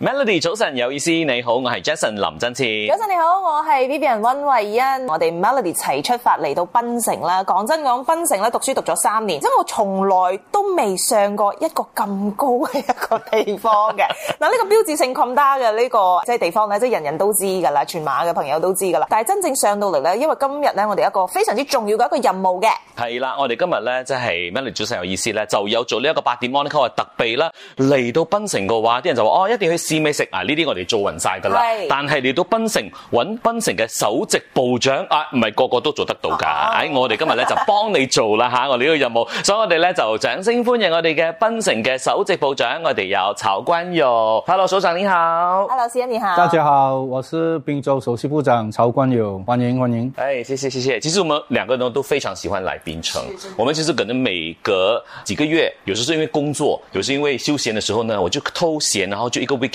Melody 早晨有意思，你好，我係 Jason 林真次。早晨你好，我係 Vivian 溫慧欣。我哋 Melody 齊出發嚟到檳城啦。講真講檳城咧，讀書讀咗三年，即係我從來都未上過一個咁高嘅一個地方嘅。嗱，呢個標誌性 icon 嘅呢個即係地方咧，即係人人都知噶啦，全馬嘅朋友都知噶啦。但係真正上到嚟咧，因為今日咧，我哋一個非常之重要嘅一個任務嘅。係啦，我哋今日咧即係 Melody 早晨有意思咧，就有做呢一個八點 Morning Call 嘅特備啦。嚟到檳城嘅話，啲人就話哦，一定要去。知咩食？啊，呢啲我哋做勻晒噶啦。但係嚟到檳城揾檳城嘅首席部長啊，唔係個個都做得到噶。喺、哦哎、我哋今日咧就幫你做啦吓、 啊，我哋呢個任務。所以我哋咧就掌聲歡迎我哋嘅檳城嘅首席部長，我哋有曹觀友。Hello，首長你好。Hello，先生你好。大家好，我是檳州首席部長曹觀友。歡迎歡迎。哎，謝謝謝謝。其實我們兩個人都非常喜歡來檳城。我們其實可能每隔幾個月，有時是因為工作，有時因為休閒的時候呢，我就偷閒，然後就一個